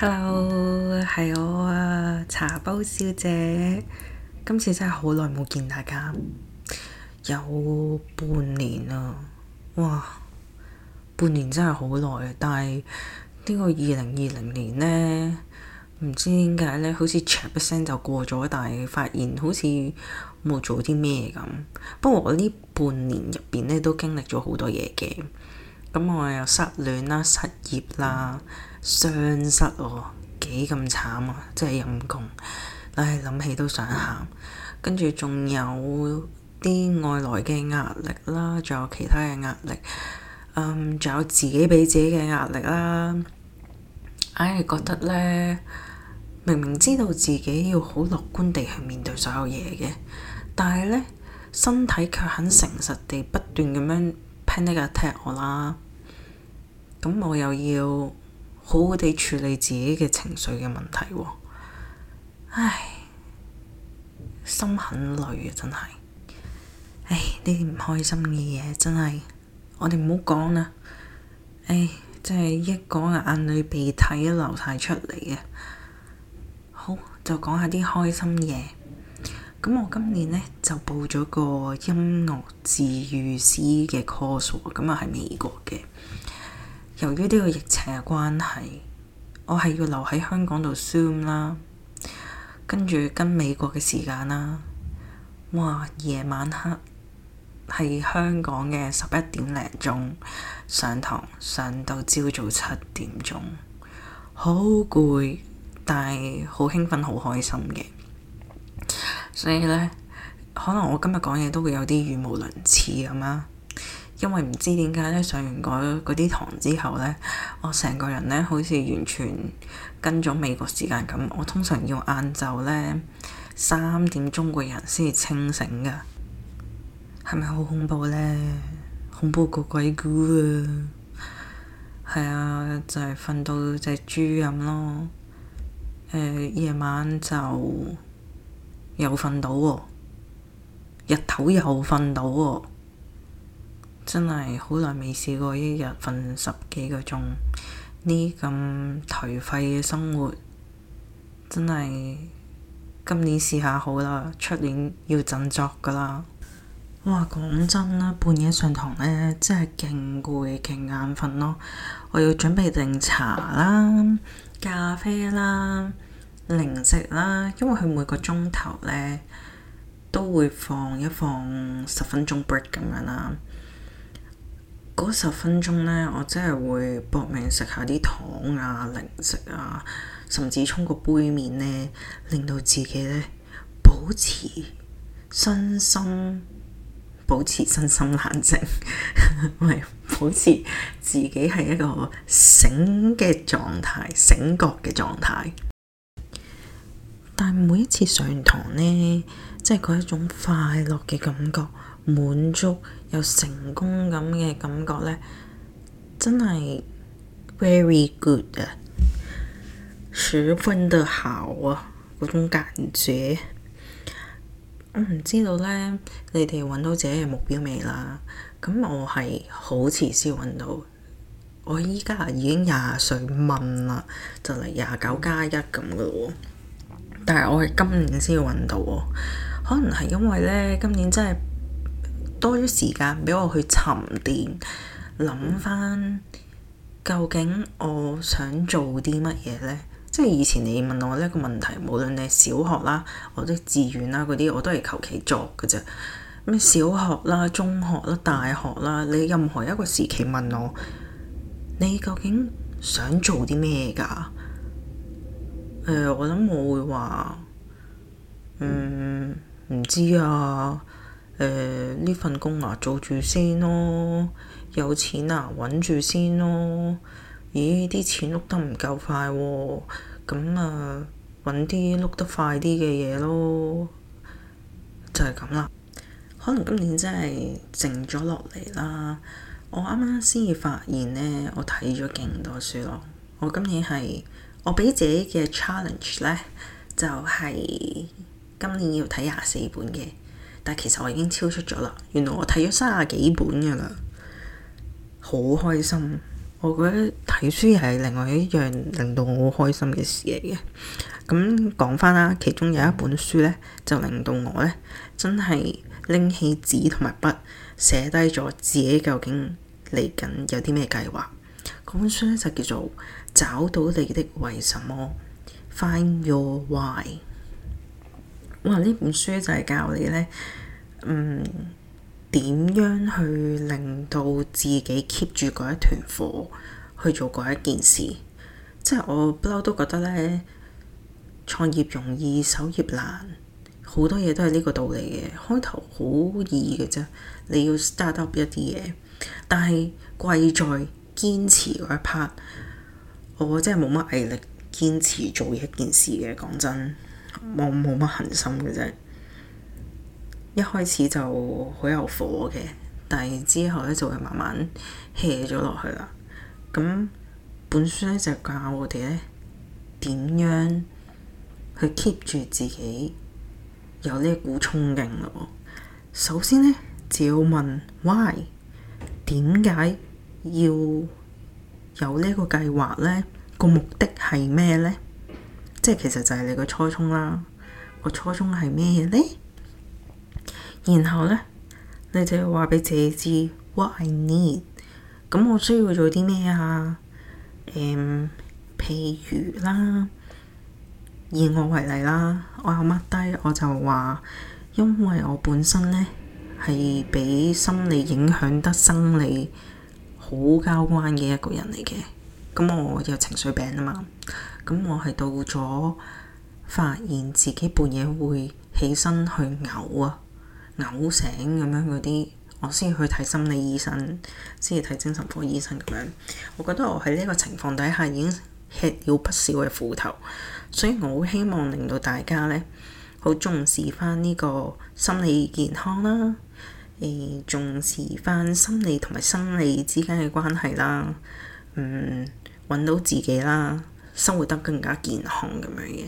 Hello，係我啊，茶煲小姐。今次真係好耐冇見大家，有半年啦，哇！半年真係好耐啊。但係呢個二零二零年呢，唔知點解呢，好似唰一聲就過咗，但係發現好似冇做啲咩咁。不過我呢半年入邊呢，都經歷咗好多嘢嘅。咁、嗯、我又失戀啦、失業啦、傷失我，哦，幾咁慘啊！真係陰功。唉，諗起都想喊。跟住仲有啲外來嘅壓力啦，仲有其他嘅壓力，仲、嗯、有自己畀自己嘅壓力啦。唉，覺得咧，明明知道自己要好樂觀地去面對所有嘢嘅，但係咧，身體卻很誠實地不斷咁樣。聽你個踢我啦，咁我又要好好地處理自己嘅情緒嘅問題喎，唉，心很累啊，真係，唉，呢啲唔開心嘅嘢真係，我哋唔好講啦，唉，真係一講，眼淚鼻涕都流晒出嚟嘅，好就講下啲開心嘢。咁我今年呢，就報咗個音樂治癒師嘅 course，咁啊係美國嘅。由於呢個疫情嘅關係，我係要留喺香港度 Zoom 啦，跟住跟美國嘅時間啦。哇！夜晚黑係香港嘅十一點零鐘上堂，上到朝早七點鐘，好攰，但係好興奮、好開心嘅。所以咧，可能我今日講嘢都會有啲語無倫次咁啦，因為唔知點解咧上完嗰啲堂之後咧，我成個人咧好似完全跟咗美國時間咁，我通常要晏晝咧三點鐘個人先至清醒㗎，係咪好恐怖咧？恐怖過鬼故啊！係啊，就係、是、瞓到隻豬咁咯。誒、呃，夜晚就～又瞓到喎、哦，日頭又瞓到喎、哦，真係好耐未試過一日瞓十幾個鐘，呢咁頹廢嘅生活，真係今年試下好啦，出年要振作㗎喇。哇，講真啦，半夜上堂呢，真係勁攰勁眼瞓咯，我要準備定茶啦、咖啡啦。零食啦，因為佢每個鐘頭呢都會放一放十分鐘 break 咁樣啦。嗰十分鐘呢，我真係會搏命食下啲糖啊、零食啊，甚至沖個杯麵呢，令到自己呢保持身心保持身心冷靜，咪 保持自己係一個醒嘅狀態、醒覺嘅狀態。但係每一次上堂呢，即係嗰一種快樂嘅感覺，滿足又成功咁嘅感覺呢，真係 very good 啊！十分的好啊！嗰種感覺，我唔知道呢，你哋揾到自己嘅目標未啦。咁我係好遲先揾到，我依家已經廿歲問啦，就嚟廿九加一咁噶咯。但係我係今年先揾到喎，哦，可能係因為咧今年真係多咗時間畀我去沉澱，諗翻究竟我想做啲乜嘢咧？即係以前你問我呢一個問題，無論你係小學啦，或者志願啦嗰啲，我都係求其做嘅啫。咩小學啦、中學啦、大學啦，你任何一個時期問我，你究竟想做啲咩㗎？呃、我諗我會話，嗯，唔知啊，呃，呢份工啊，做住先咯，有錢啊，揾住先咯。咦，啲錢碌得唔夠快喎，咁啊，揾啲碌得快啲嘅嘢咯，就係咁啦。可能今年真係靜咗落嚟啦。我啱啱先至發現呢，我睇咗勁多書咯。我今年係。我畀自己嘅 challenge 咧，就係今年要睇廿四本嘅，但其實我已經超出咗啦。原來我睇咗三十幾本嘅啦，好開心。我覺得睇書係另外一樣令到我好開心嘅事嚟嘅。咁講翻啦，其中有一本書咧，就令到我咧真係拎起紙同埋筆寫低咗自己究竟嚟緊有啲咩計劃。嗰本書咧就叫做。找到你的為什麼？Find your why。哇！呢本書就係教你咧，嗯，點樣去令到自己 keep 住嗰一團火去做嗰一件事。即係我不嬲都覺得，呢創業容易，守業難，好多嘢都係呢個道理嘅。開頭好易嘅啫，你要 start up 一啲嘢，但係貴在堅持嗰一 part。我真係冇乜毅力堅持做一件事嘅，講真，我冇乜恒心嘅啫。一開始就好有火嘅，但係之後咧就會慢慢 hea 咗落去啦。咁本書咧就教我哋咧點樣去 keep 住自己有呢一股衝勁咯。首先咧就要問 why，點解要？有呢個計劃呢，個目的係咩呢？即係其實就係你個初衷啦。個初衷係咩呢？然後呢，你就要話畀自己知 what I need。咁我需要做啲咩啊？誒、嗯，譬如啦，以我為例啦，我有屈低，我就話，因為我本身呢，係畀心理影響得生理。好交關嘅一個人嚟嘅，咁我有情緒病啊嘛，咁我係到咗發現自己半夜會起身去嘔啊，嘔醒咁樣嗰啲，我先去睇心理醫生，先去睇精神科醫生咁樣，我覺得我喺呢個情況底下已經吃了不少嘅苦頭，所以我好希望令到大家呢好重視翻呢個心理健康啦。誒，重視翻心理同埋生理之間嘅關係啦，嗯，搵到自己啦，生活得更加健康咁樣嘅。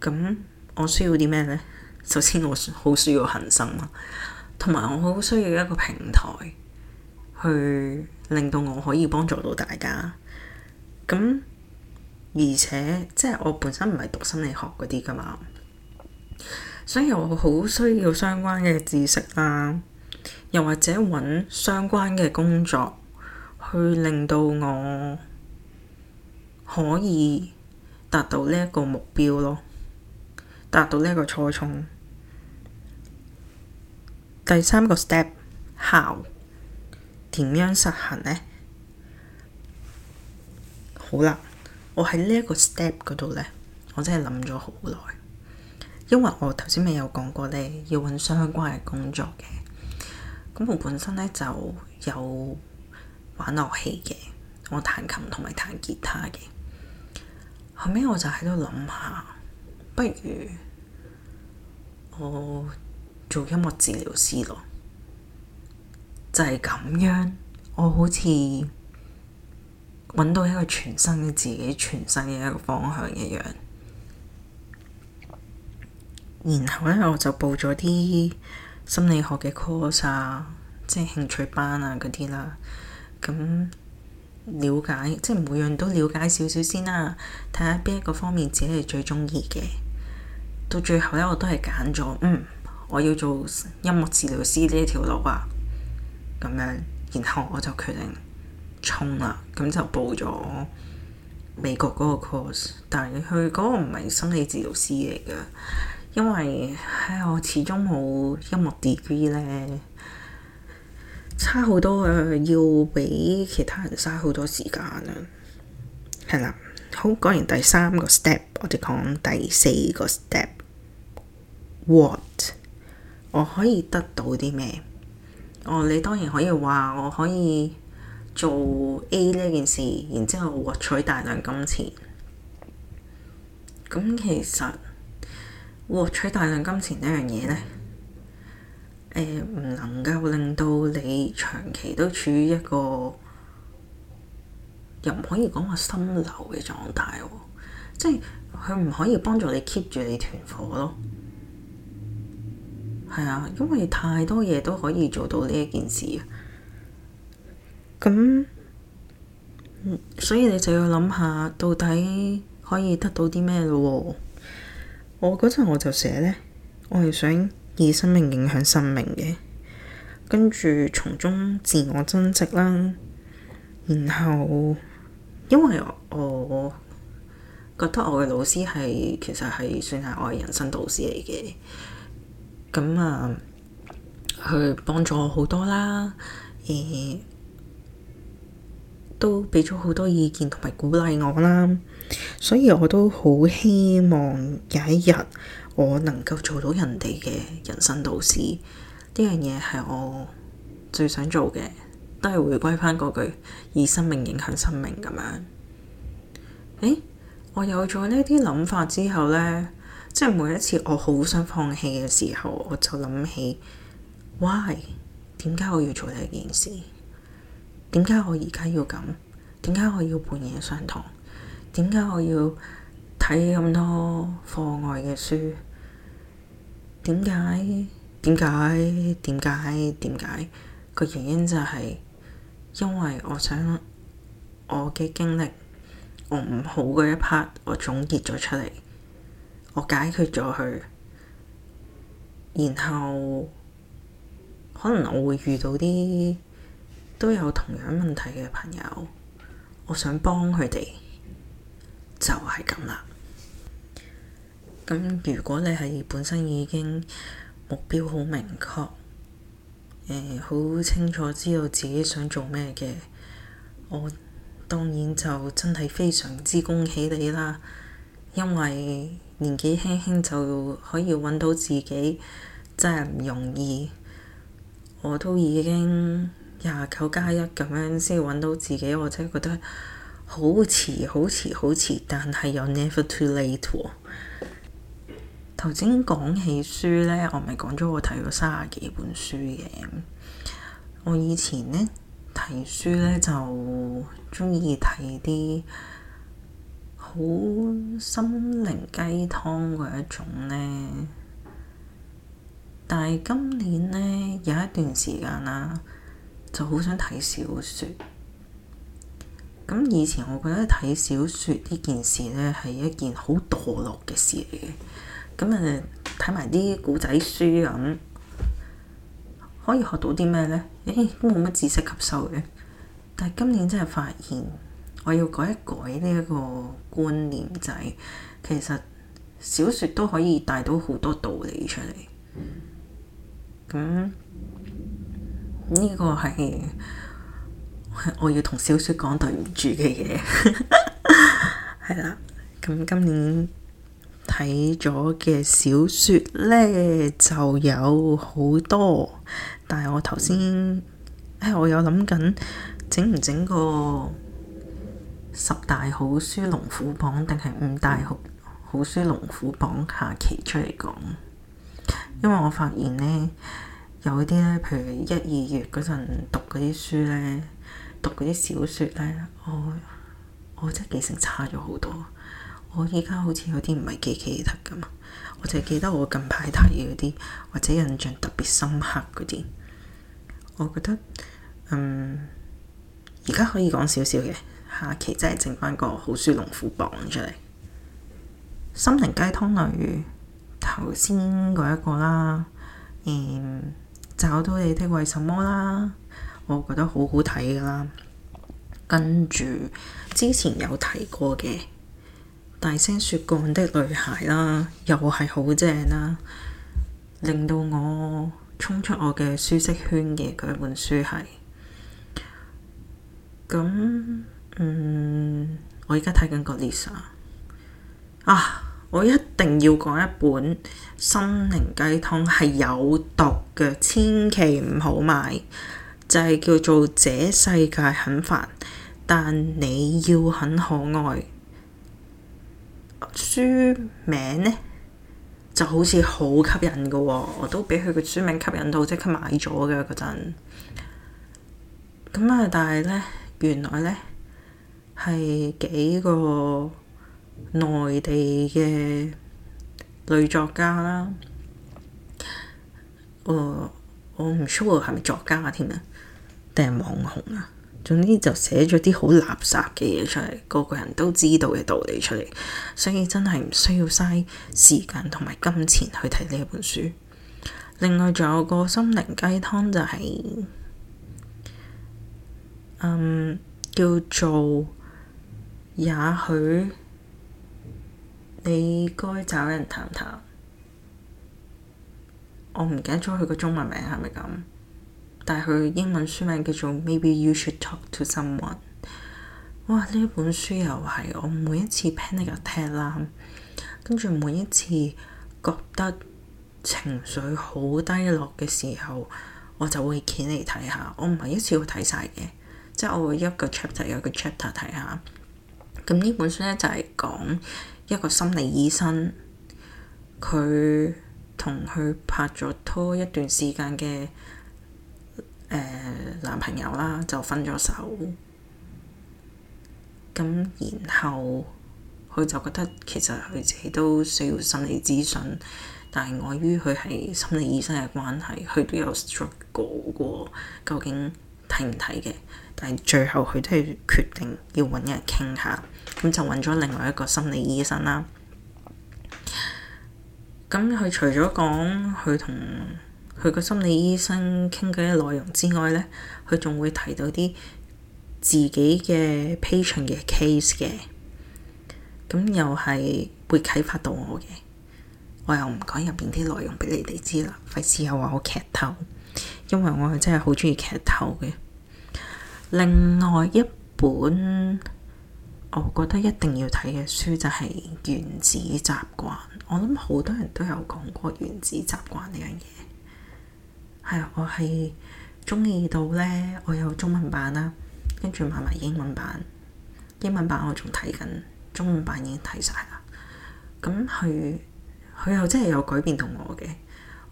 咁我需要啲咩呢？首先我好需要恒心啊，同埋我好需要一個平台，去令到我可以幫助到大家。咁而且即係我本身唔係讀心理學嗰啲噶嘛。所以我好需要相關嘅知識啦，又或者揾相關嘅工作，去令到我可以達到呢一個目標咯，達到呢一個初衷。第三個 step，how 點樣實行呢？好啦，我喺呢一個 step 嗰度呢，我真係諗咗好耐。因為我頭先未有講過咧，要揾相關嘅工作嘅。咁我本身咧就有玩樂器嘅，我彈琴同埋彈吉他嘅。後尾我就喺度諗下，不如我做音樂治療師咯。就係咁樣，我好似揾到一個全新嘅自己，全新嘅一個方向一樣。然後呢，我就報咗啲心理學嘅 course 啊，即係興趣班啊嗰啲啦。咁了解，即係每樣都了解少少先啦，睇下邊一個方面自己係最中意嘅。到最後呢，我都係揀咗，嗯，我要做音樂治療師呢條路啊。咁樣，然後我就決定衝啦、啊，咁就報咗美國嗰個 course，但係佢嗰個唔係心理治療師嚟㗎。因為、哎、我始終冇音樂 degree 咧，差好多、呃、要俾其他人嘥好多時間啦。係啦，好，講完第三個 step，我哋講第四個 step。What 我可以得到啲咩？哦，你當然可以話我可以做 A 呢件事，然之後獲取大量金錢。咁其實。獲、哦、取大量金錢呢樣嘢呢，唔、呃、能夠令到你長期都處於一個又唔可以講話心流嘅狀態喎、哦，即係佢唔可以幫助你 keep 住你團火咯。係啊，因為太多嘢都可以做到呢一件事啊。咁，所以你就要諗下，到底可以得到啲咩咯喎？我嗰陣我就寫咧，我係想以生命影響生命嘅，跟住從中自我增值啦。然後，因為我，我覺得我嘅老師係其實係算係我嘅人生導師嚟嘅，咁啊，佢、呃、幫咗我好多啦，亦、呃、都畀咗好多意見同埋鼓勵我啦。所以我都好希望有一日我能夠做到人哋嘅人生導師。呢樣嘢係我最想做嘅，都係回歸返嗰句以生命影響生命咁樣。誒，我有咗呢啲諗法之後咧，即係每一次我好想放棄嘅時候，我就諗起 why？點解我要做呢件事？點解我而家要咁？點解我要半夜上堂？點解我要睇咁多課外嘅書？點解？點解？點解？點解？個原因就係因為我想我嘅經歷，我唔好嗰一 part，我總結咗出嚟，我解決咗佢，然後可能我會遇到啲都有同樣問題嘅朋友，我想幫佢哋。就係咁啦。咁如果你係本身已經目標好明確，誒、呃、好清楚知道自己想做咩嘅，我當然就真係非常之恭喜你啦！因為年紀輕輕就可以揾到自己，真係唔容易。我都已經廿九加一咁樣先揾到自己，我真係覺得。好遲好遲好遲，但係又 never too late 喎。頭先講起書咧，我咪講咗我睇咗三十幾本書嘅。我以前咧睇書咧就鍾意睇啲好心靈雞湯嗰一種咧。但係今年咧有一段時間啦，就好想睇小説。咁以前我覺得睇小説呢件事呢，係一件好墮落嘅事嚟嘅，咁啊睇埋啲古仔書咁，可以學到啲咩呢？誒都冇乜知識吸收嘅。但係今年真係發現，我要改一改呢一個觀念，就係其實小説都可以帶到好多道理出嚟。咁呢個係。我要同小說講對唔住嘅嘢，係啦。咁今年睇咗嘅小說呢就有好多，但係我頭先、哎，我有諗緊整唔整個十大好書龍虎榜，定係五大好好書龍虎榜下期出嚟講？因為我發現呢，有啲呢，譬如一二月嗰陣讀嗰啲書呢。嗰啲小説咧，我我真係記性差咗好多。我依家好似有啲唔係幾記得㗎嘛，我淨係記得我近排睇嗰啲或者印象特別深刻嗰啲。我覺得嗯，而家可以講少少嘅，下期真係整翻個好書龍虎榜出嚟。《心靈雞湯類》頭先嗰一個啦，嗯，《找到你的為什麼》啦。我覺得好好睇噶啦，跟住之前有提過嘅《大聲説幹的女孩》啦，又係好正啦，令到我衝出我嘅舒適圈嘅嗰本書係咁。嗯，我而家睇緊個 Lisa 啊，啊，我一定要講一本《心靈雞湯》係有毒嘅，千祈唔好買。就係叫做《這世界很煩，但你要很可愛》。書名呢就好似好吸引噶喎，我都畀佢個書名吸引到，即刻買咗噶嗰陣。咁啊，但係呢，原來呢係幾個內地嘅女作家啦。哦，我唔 sure 係咪作家添啊？定係網紅啊！總之就寫咗啲好垃圾嘅嘢出嚟，個個人都知道嘅道理出嚟，所以真係唔需要嘥時間同埋金錢去睇呢一本書。另外仲有個心靈雞湯就係、是，嗯，叫做也許你該找人談談。我唔記得咗佢個中文名係咪咁？是但係佢英文書名叫做 Maybe You Should Talk To Someone。哇！呢本書又係我每一次 panic attack 啦，跟住每一次覺得情緒好低落嘅時候，我就會攰嚟睇下。我唔係一次會睇晒嘅，即係我會一個 chapter 一個 chapter 睇下。咁呢本書咧就係講一個心理醫生，佢同佢拍咗拖一段時間嘅。誒、uh, 男朋友啦，就分咗手，咁然後佢就覺得其實佢自己都需要心理諮詢，但係礙於佢係心理醫生嘅關係，佢都有 struggle 過，究竟睇唔睇嘅？但係最後佢都係決定要揾人傾下，咁就揾咗另外一個心理醫生啦。咁佢除咗講佢同佢個心理醫生傾偈嘅內容之外咧，佢仲會提到啲自己嘅 patient 嘅 case 嘅，咁又係會啟發到我嘅。我又唔講入邊啲內容俾你哋知啦，費事又話我劇透，因為我係真係好中意劇透嘅。另外一本我覺得一定要睇嘅書就係原子習慣。我諗好多人都有講過原子習慣呢樣嘢。係，我係中意到呢。我有中文版啦，跟住買埋英文版。英文版我仲睇緊，中文版已經睇晒啦。咁佢佢又真係有改變到我嘅，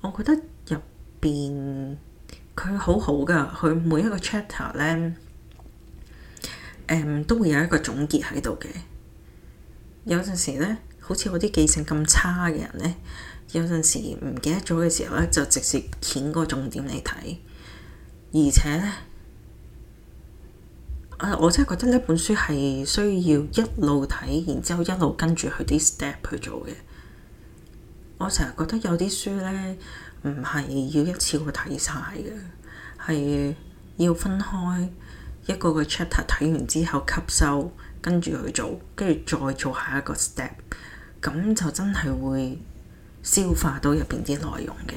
我覺得入邊佢好好㗎，佢每一個 chapter 呢、嗯，都會有一個總結喺度嘅。有陣時呢，好似我啲記性咁差嘅人呢。有陣時唔記得咗嘅時候咧，就直接揀個重點嚟睇。而且咧，啊，我真係覺得呢本書係需要一路睇，然之後一路跟住佢啲 step 去做嘅。我成日覺得有啲書咧唔係要一次過睇晒嘅，係要分開一個個 chapter 睇完之後吸收，跟住去做，跟住再做下一個 step。咁就真係會。消化到入邊啲內容嘅，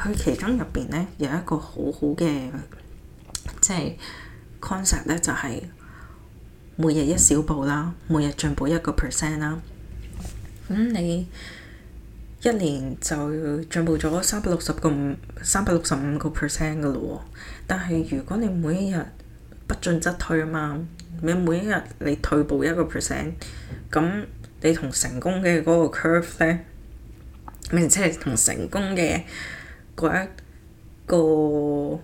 佢其中入邊呢，有一個好好嘅，即係 concept 呢，就係、是、每日一小步啦，每日進步一個 percent 啦。咁、嗯、你一年就進步咗三百六十個五三百六十五個 percent 㗎喇喎。但係如果你每一日不進則退啊嘛，你每一日你退步一個 percent，咁你同成功嘅嗰個 curve 呢。咩即係同成功嘅嗰一個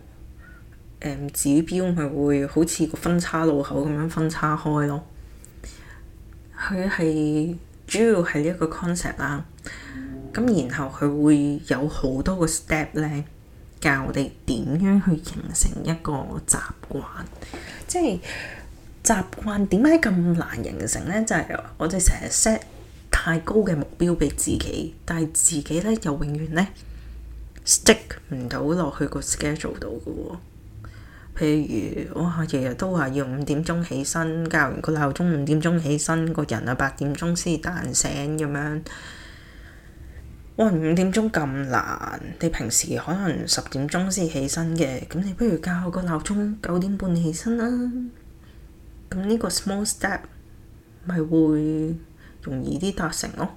指標，咪會好似個分叉路口咁樣分叉開咯。佢係主要係呢一個 concept 啦。咁然後佢會有好多個 step 咧，教我哋點樣去形成一個習慣。即係習慣點解咁難形成咧？就係我哋成日 set。太高嘅目標俾自己，但係自己咧又永遠咧 stick 唔到落去個 schedule 度嘅喎。譬如哇，日日都話要五點鐘起身，校完個鬧鐘五點鐘起身，個人啊八點鐘先彈醒咁樣。哇！五點鐘咁難，你平時可能十點鐘先起身嘅，咁你不如校個鬧鐘九點半起身啦，啊。咁呢個 small step 咪會容易啲達成咯。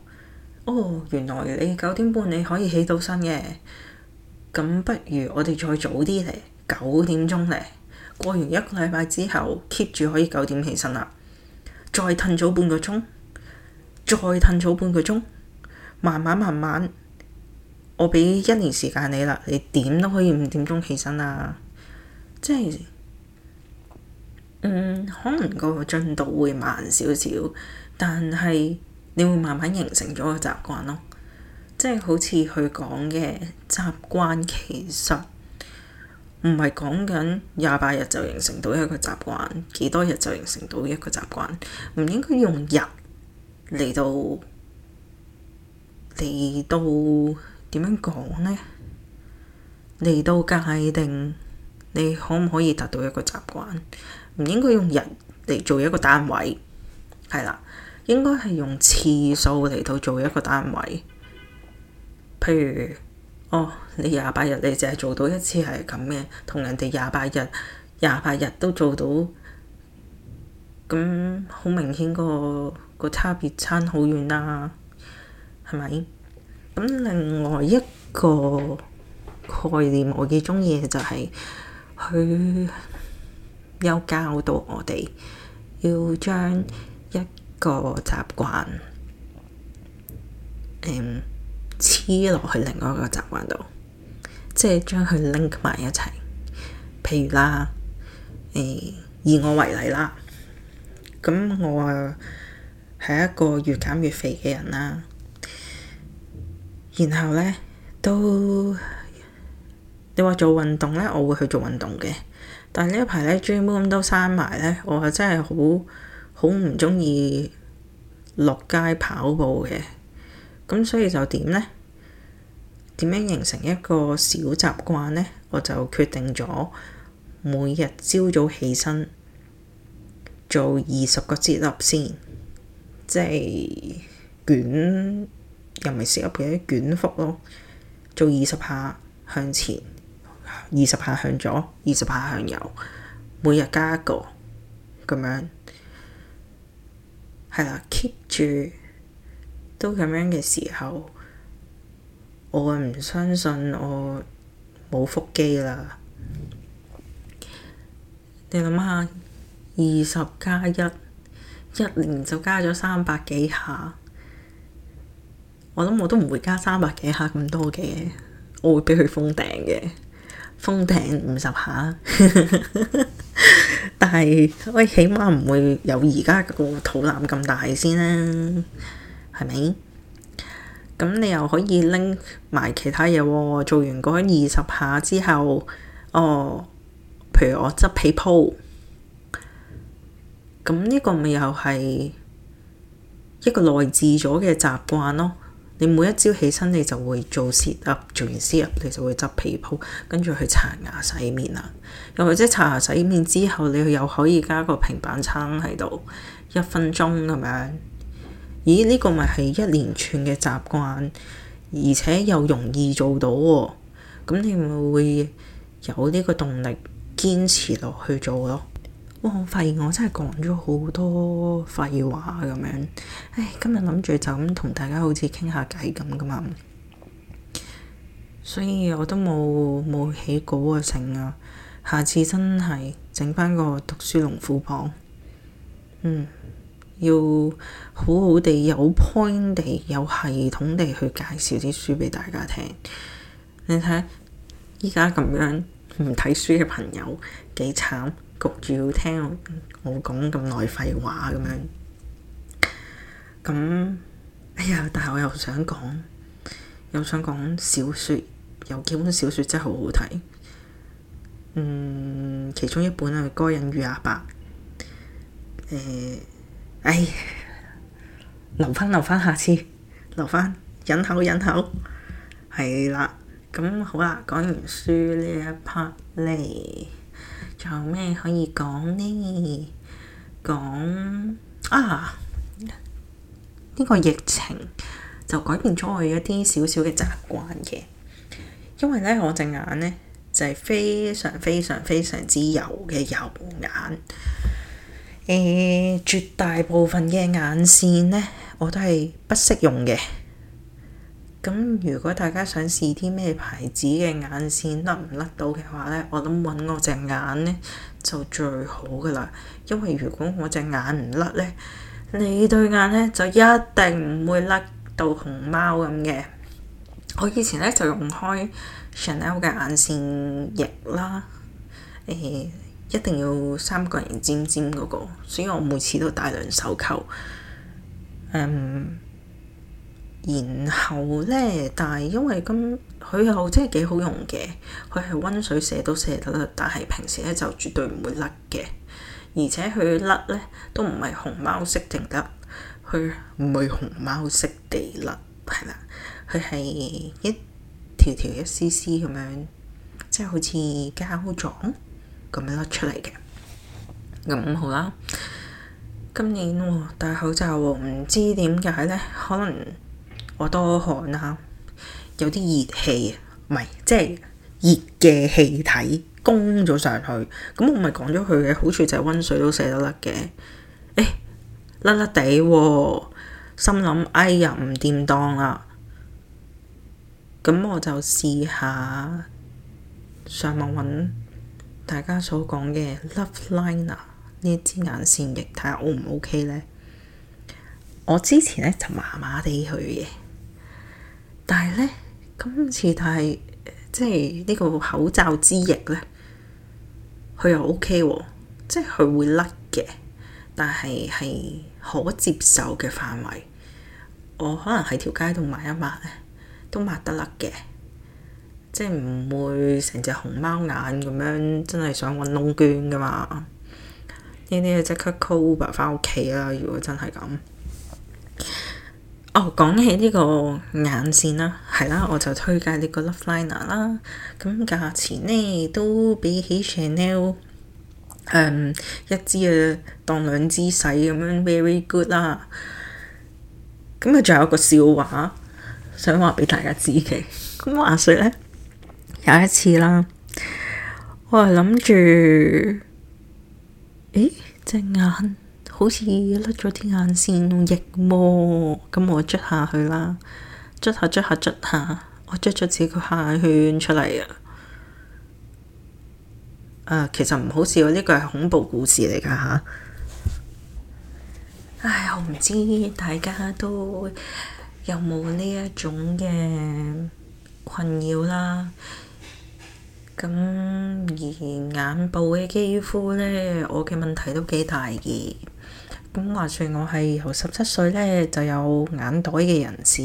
哦，原來你九點半你可以起到身嘅，咁不如我哋再早啲嚟，九點鐘嚟。過完一個禮拜之後，keep 住可以九點起身啦。再褪早半個鐘，再褪早半個鐘，慢慢慢慢，我俾一年時間你啦，你點都可以五點鐘起身啦。即係，嗯，可能個進度會慢少少。但係你會慢慢形成咗個習慣咯，即係好似佢講嘅習慣，習慣其實唔係講緊廿八日就形成到一個習慣，幾多日就形成到一個習慣，唔應該用日嚟到嚟到點樣講呢？嚟到界定你可唔可以達到一個習慣？唔應該用日嚟做一個單位，係啦。應該係用次數嚟到做一個單位，譬如，哦，你廿八日你淨係做到一次係咁嘅，同人哋廿八日廿八日都做到，咁好明顯、嗰個、嗰個差別差好遠啦，係咪？咁另外一個概念我幾鍾意嘅就係、是、佢有教到我哋要將。個習慣，黐、嗯、落去另外一個習慣度，即係將佢拎埋一齊。譬如啦、嗯，以我為例啦，咁我係一個越減越肥嘅人啦。然後呢，都，你話做運動呢，我會去做運動嘅。但呢一排呢 gym room 都閂埋呢，我係真係好，好唔鍾意落街跑步嘅，咁所以就點呢？點樣形成一個小習慣呢？我就決定咗每日朝早起身做二十個 sit up 先，即係捲又唔係 sit up 嘅捲腹咯。做二十下向前，二十下向左，二十下向右，每日加一個咁樣。係啦，keep 住都咁樣嘅時候，我唔相信我冇腹肌啦。 你諗下，二十加一，一年就加咗三百幾下。我諗我都唔會加三百幾下咁多嘅，我會畀佢封頂嘅，封頂五十下。 但係喂，起碼唔會有而家個肚腩咁大先啦，係咪？咁你又可以拎埋其他嘢，哦，做完嗰二十下之後，哦，譬如我執被鋪，咁呢個咪又係一個內置咗嘅習慣咯。你每一朝起身，你就會做 sit up。做完 sit up，你就會執被鋪，跟住去刷牙洗面啦。又或者刷牙洗面之後，你又可以加個平板撐喺度一分鐘咁樣。咦？呢個咪係一連串嘅習慣，而且又容易做到喎。咁你咪會有呢個動力堅持落去做咯。我發現我真係講咗好多廢話咁樣，唉，今日諗住就咁同大家好似傾下偈咁噶嘛，所以我都冇冇起稿啊，成啊，下次真係整翻個讀書龍虎榜，嗯，要好好地有 point 地有系統地去介紹啲書畀大家聽，你睇依家咁樣唔睇書嘅朋友幾慘。焗住要聽我講咁耐廢話咁樣，咁哎呀！但係我又想講，又想講小説，有幾本小説真係好好睇。嗯，其中一本係，《該隱與阿伯》。誒、呃，哎，留翻留翻下次，留翻忍口忍口，係啦。咁好啦，講完書呢一 part 咧。有咩可以講呢？講啊，呢個疫情就改變咗我一啲少少嘅習慣嘅，因為咧我隻眼咧就係非常非常非常之油嘅油眼，誒，絕大部分嘅眼線咧我都係不適用嘅。咁如果大家想試啲咩牌子嘅眼線甩唔甩到嘅話呢，我諗揾我隻眼呢就最好噶啦，因為如果我隻眼唔甩呢，你對眼呢就一定唔會甩到熊貓咁嘅。我以前呢就用開 Chanel 嘅眼線液啦，欸，一定要三角形尖尖嗰個，所以我每次都大量手扣。嗯。然後呢，但係因為咁，佢又真係幾好用嘅。佢係溫水洗都洗得甩，但係平時呢就絕對唔會甩嘅。而且佢甩呢都唔係熊貓式定甩，佢唔係熊貓式地甩，係啦，佢係一條條一絲絲咁樣，即係好似膠狀咁樣甩出嚟嘅。咁好啦，今年、哦、戴口罩唔知點解呢，可能～我多汗啊，有啲熱氣啊，唔係即係熱嘅氣體供咗上去，咁我咪講咗佢嘅好處就係温水都卸得甩嘅，誒甩甩地喎，心諗哎呀唔掂當啦，咁我就試下上網揾大家所講嘅 Love Liner 呢支眼線液，睇下 O 唔 O K 呢？我之前咧就麻麻地佢嘅。但係咧，今次但係即係呢個口罩之翼咧，佢又 OK 喎、啊，即係佢會甩嘅，但係係可接受嘅範圍。我可能喺條街度抹一抹咧，都抹得甩嘅，即係唔會成隻熊貓眼咁樣，真係想搵窿捐㗎嘛？呢啲即刻 call Uber 返屋企啦！如果真係咁。哦，講起呢個眼線啦，係啦，我就推介呢個 Love Liner 啦。咁價錢呢，都比起 Chanel，嗯，一支啊當兩支使咁樣，very good 啦。咁啊，仲有個笑話想話畀大家知嘅。咁話説呢，有一次啦，我係諗住，誒隻眼。好似甩咗啲眼線液魔，咁我捽下去啦，捽下捽下捽下，我捽咗自己個眼圈出嚟啊！其實唔好笑，呢個係恐怖故事嚟㗎吓。啊、唉，我唔知大家都有冇呢一種嘅困擾啦。咁而眼部嘅肌膚呢，我嘅問題都幾大嘅。咁話說，我係由十七歲呢就有眼袋嘅人士，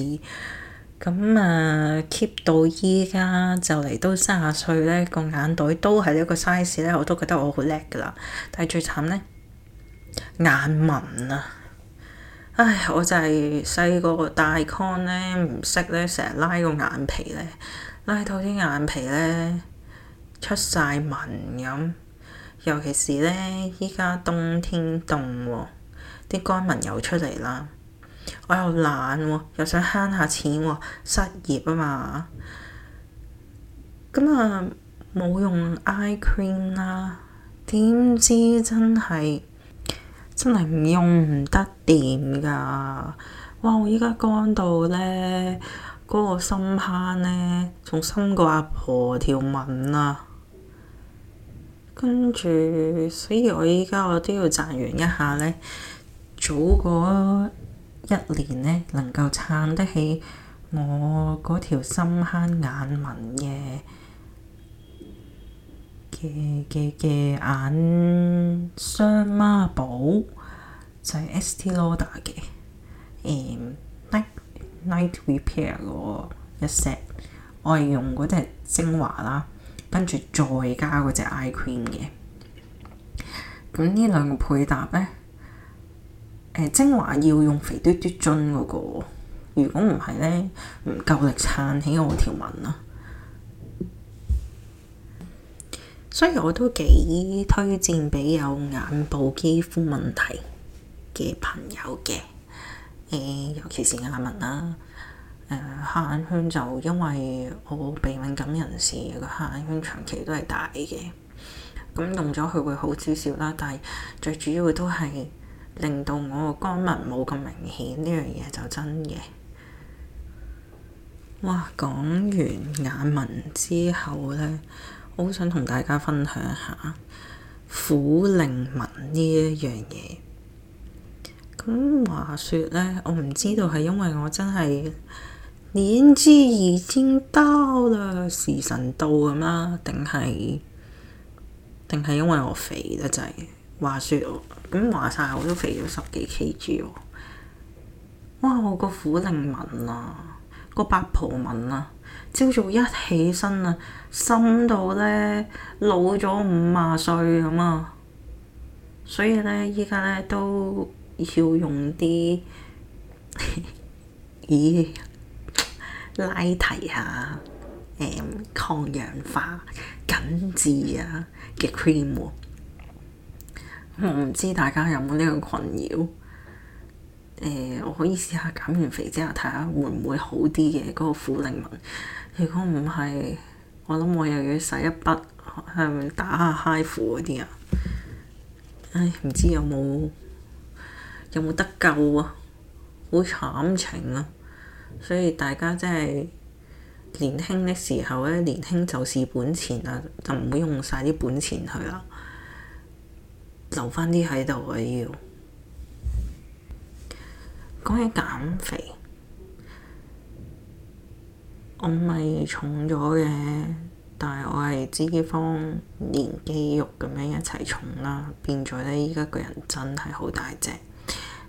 咁啊 keep 到依家就嚟到三十歲呢，個眼袋都係一個 size 呢，我都覺得我好叻㗎啦。但係最慘呢，眼紋啊！唉，我就係細個大 con 呢，唔識呢，成日拉個眼皮呢，拉到啲眼皮呢出晒紋咁，尤其是呢，依家冬天凍喎、啊。啲乾紋又出嚟啦，我又懶喎、啊，又想慳下錢喎、啊，失業啊嘛，咁啊冇用 eye cream 啦、啊，點知真係真係唔用唔得掂噶，哇！我依家乾到呢，嗰、那個深坑咧仲深過阿婆條紋啊，跟住所以我依家我都要賺完一下呢。早嗰一年呢，能夠撐得起我嗰條深坑眼紋嘅嘅嘅嘅眼霜孖寶，就係 Estee Lauder 嘅誒 Night Night Repair 嘅一 set，我係用嗰隻精華啦，跟住再加嗰隻 Eye Cream 嘅，咁呢兩個配搭呢？誒，精華要用肥嘟嘟樽嗰個，如果唔係咧，唔夠力撐起我條紋啦。所以我都幾推薦俾有眼部肌膚問題嘅朋友嘅，誒、呃，尤其是眼紋啦，誒、呃，黑眼圈就因為我鼻敏感人士，個黑眼圈長期都係大嘅，咁用咗佢會好少少啦，但係最主要都係。令到我肝紋冇咁明顯，呢樣嘢就真嘅。哇，講完眼紋之後咧，我好想同大家分享下苦令紋呢一樣嘢。咁話說咧，我唔知道係因為我真係年紀已經到啦，時辰到啦，定係定係因為我肥得滯。話說咁話晒我都肥咗十幾 KG 喎！哇！我個苦齡紋啊，個八婆紋啊，朝早一起身啊，深到咧老咗五啊歲咁啊！所以咧，依家咧都要用啲咦，拉提下、嗯，抗氧化緊緻啊嘅 cream 喎。我唔知大家有冇呢個困擾？誒、呃，我可以試下減完肥之後睇下會唔會好啲嘅嗰個苦靈紋。如果唔係，我諗我又要使一筆，係咪打下嗨苦嗰啲啊？唉，唔知有冇有冇得救啊？好慘情啊！所以大家真係年輕的時候咧，年輕就是本錢啊，就唔會用晒啲本錢去啦。留返啲喺度，我要講起減肥，我咪重咗嘅，但係我係脂肪連肌肉咁樣一齊重啦，變咗呢，而家個人真係好大隻。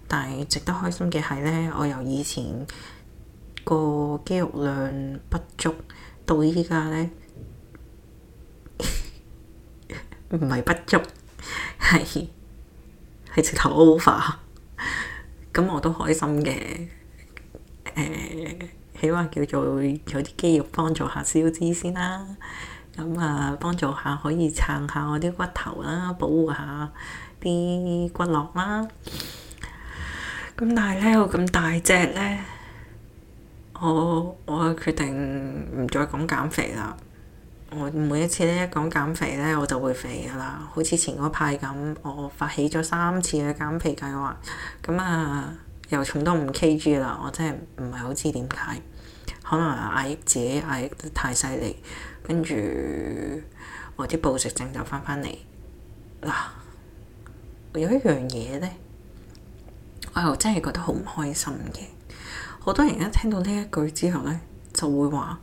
但係值得開心嘅係呢，我由以前個肌肉量不足，到而家呢，唔 係不，不足。係，係 直頭 over，咁我都 開心嘅。誒、欸，起碼叫做有啲肌肉幫助下燒脂先啦。咁啊，幫助下可以撐下我啲骨頭啦，保護下啲骨骼啦。咁但係咧，我咁大隻咧，我我決定唔再講減肥啦。我每一次咧一講減肥咧，我就會肥噶啦。好似前嗰排咁，我發起咗三次嘅減肥計劃，咁啊又重多五 Kg 啦。我真係唔係好知點解，可能壓抑自己壓抑得太犀利，跟住我啲暴食症就翻返嚟。嗱，有一樣嘢咧，我又真係覺得好唔開心嘅。好多人一聽到呢一句之後咧，就會話。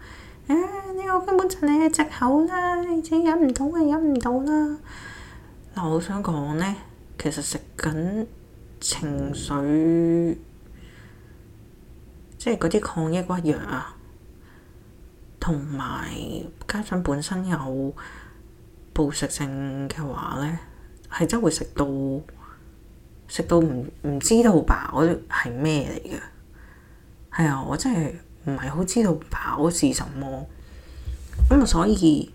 呢個、啊、根本就係你嘅藉口啦，你自己忍唔到啊，忍唔到啦！嗱，我想講呢，其實食緊情緒，即係嗰啲抗抑鬱藥啊，同埋加上本身有暴食症嘅話呢，係真會食到食到唔唔知道飽。嗰啲係咩嚟嘅？係啊，我真係～唔係好知道跑是什麼？咁啊所以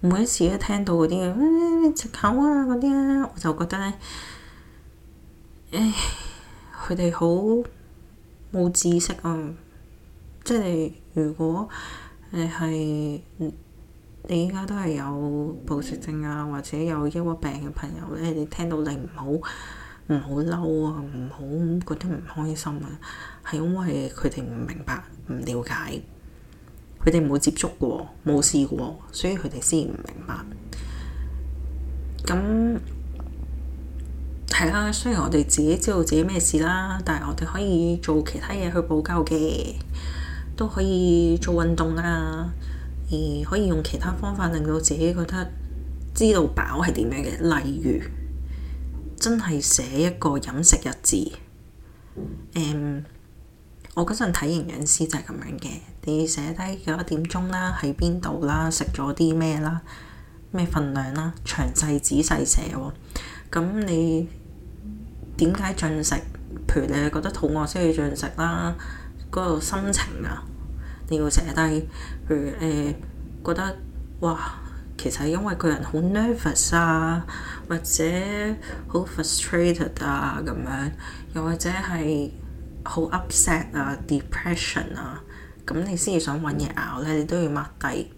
每一次一聽到嗰啲啊直口啊嗰啲咧，我就覺得咧，唉，佢哋好冇知識啊！即係如果你係你依家都係有暴食症啊或者有抑鬱病嘅朋友咧，你聽到你唔好唔好嬲啊，唔好覺得唔開心啊！係因為佢哋唔明白，唔了解，佢哋冇接觸過，冇試過，所以佢哋先唔明白。咁係啦，雖然我哋自己知道自己咩事啦，但係我哋可以做其他嘢去補救嘅，都可以做運動啊，而可以用其他方法令到自己覺得知道飽係點樣嘅，例如真係寫一個飲食日誌，嗯 um, 我嗰陣睇營養師就係咁樣嘅，你要寫低幾多點鐘啦，喺邊度啦，食咗啲咩啦，咩份量啦，詳細仔細寫喎。咁你點解進食？譬如你係覺得肚餓先去進食啦，嗰、那個心情啊，你要寫低。譬如誒、呃，覺得哇，其實係因為個人好 nervous 啊，或者好 frustrated 啊咁樣，又或者係，好 upset 啊，depression 啊，咁你先至想揾嘢咬咧，你都要 mark 低。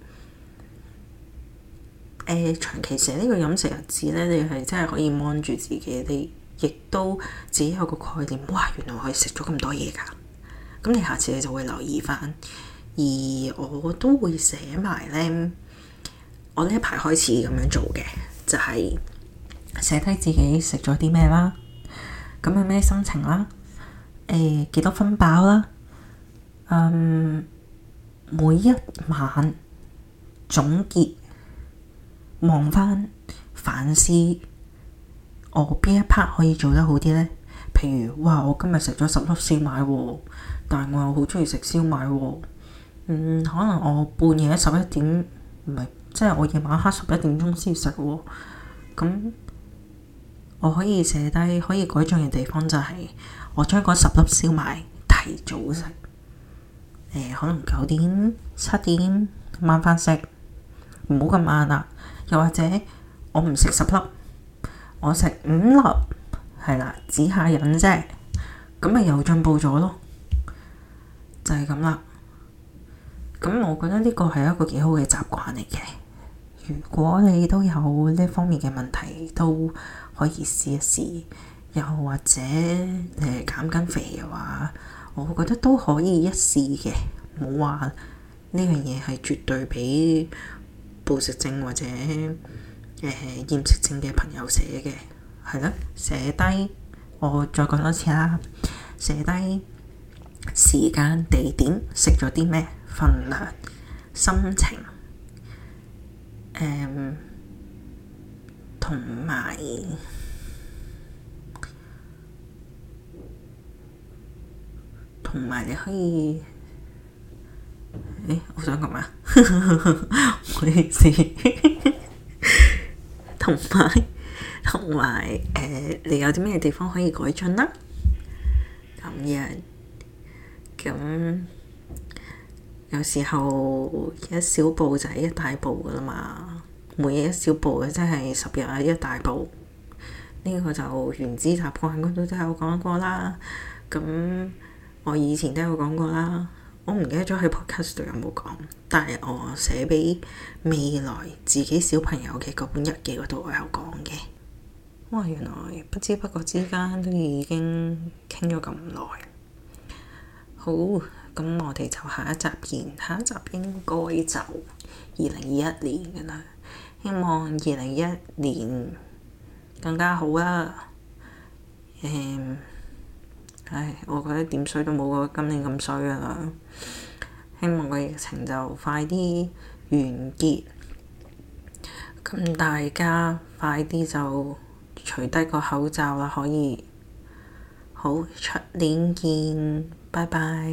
誒、呃，長期寫呢個飲食日誌咧，你係真係可以 mon 住自己，你亦都自己有個概念。哇！原來我可以食咗咁多嘢㗎，咁你下次你就會留意翻。而我都會寫埋咧，我呢一排開始咁樣做嘅，就係、是、寫低自己食咗啲咩啦，咁有咩心情啦、啊。誒幾、哎、多分飽啦、啊嗯。每一晚總結，望返反思，我、哦、邊一 part 可以做得好啲呢？譬如，哇！我今日食咗十粒燒賣喎、啊，但係我又好鍾意食燒賣喎、啊。嗯，可能我半夜十一點，唔係，即、就、係、是、我，晚、啊嗯、我夜、就是、我晚黑十一點鐘先食喎咁。我可以寫低可以改進嘅地方就係我將嗰十粒燒賣提早食，呃，可能九點七點晚飯食，唔好咁晏啦。又或者我唔食十粒，我食五粒，係啦，止下癮啫。咁咪又進步咗咯，就係咁啦。咁我覺得呢個係一個幾好嘅習慣嚟嘅。如果你都有呢方面嘅問題，都～可以試一試，又或者誒、呃、減緊肥嘅話，我覺得都可以一試嘅。冇話呢樣嘢係絕對畀暴食症或者誒厭、呃、食症嘅朋友寫嘅，係啦，寫低我再講多次啦，寫低時間、地點、食咗啲咩、份量、心情，誒、嗯。同埋，同埋你可以，誒、欸，我想講咩？回同埋，同埋，誒、 呃，你有啲咩地方可以改進啊？咁樣，咁有時候一小步就係一大步噶啦嘛～每一小步嘅，即係十日啊一大步。呢、這個就原子習慣，嗰度都有講過啦。咁我以前都有講過啦。我唔記得咗喺 Podcast 度有冇講，但係我寫畀未來自己小朋友嘅嗰本日記嗰度，我有講嘅。哇！原來不知不覺之間都已經傾咗咁耐。好，咁我哋就下一集見。下一集應該就二零二一年㗎啦。希望二零二一年更加好啦。Um, 唉，我覺得點衰都冇過今年咁衰啊！希望個疫情就快啲完結，咁大家快啲就除低個口罩啦，可以好出年見，拜拜。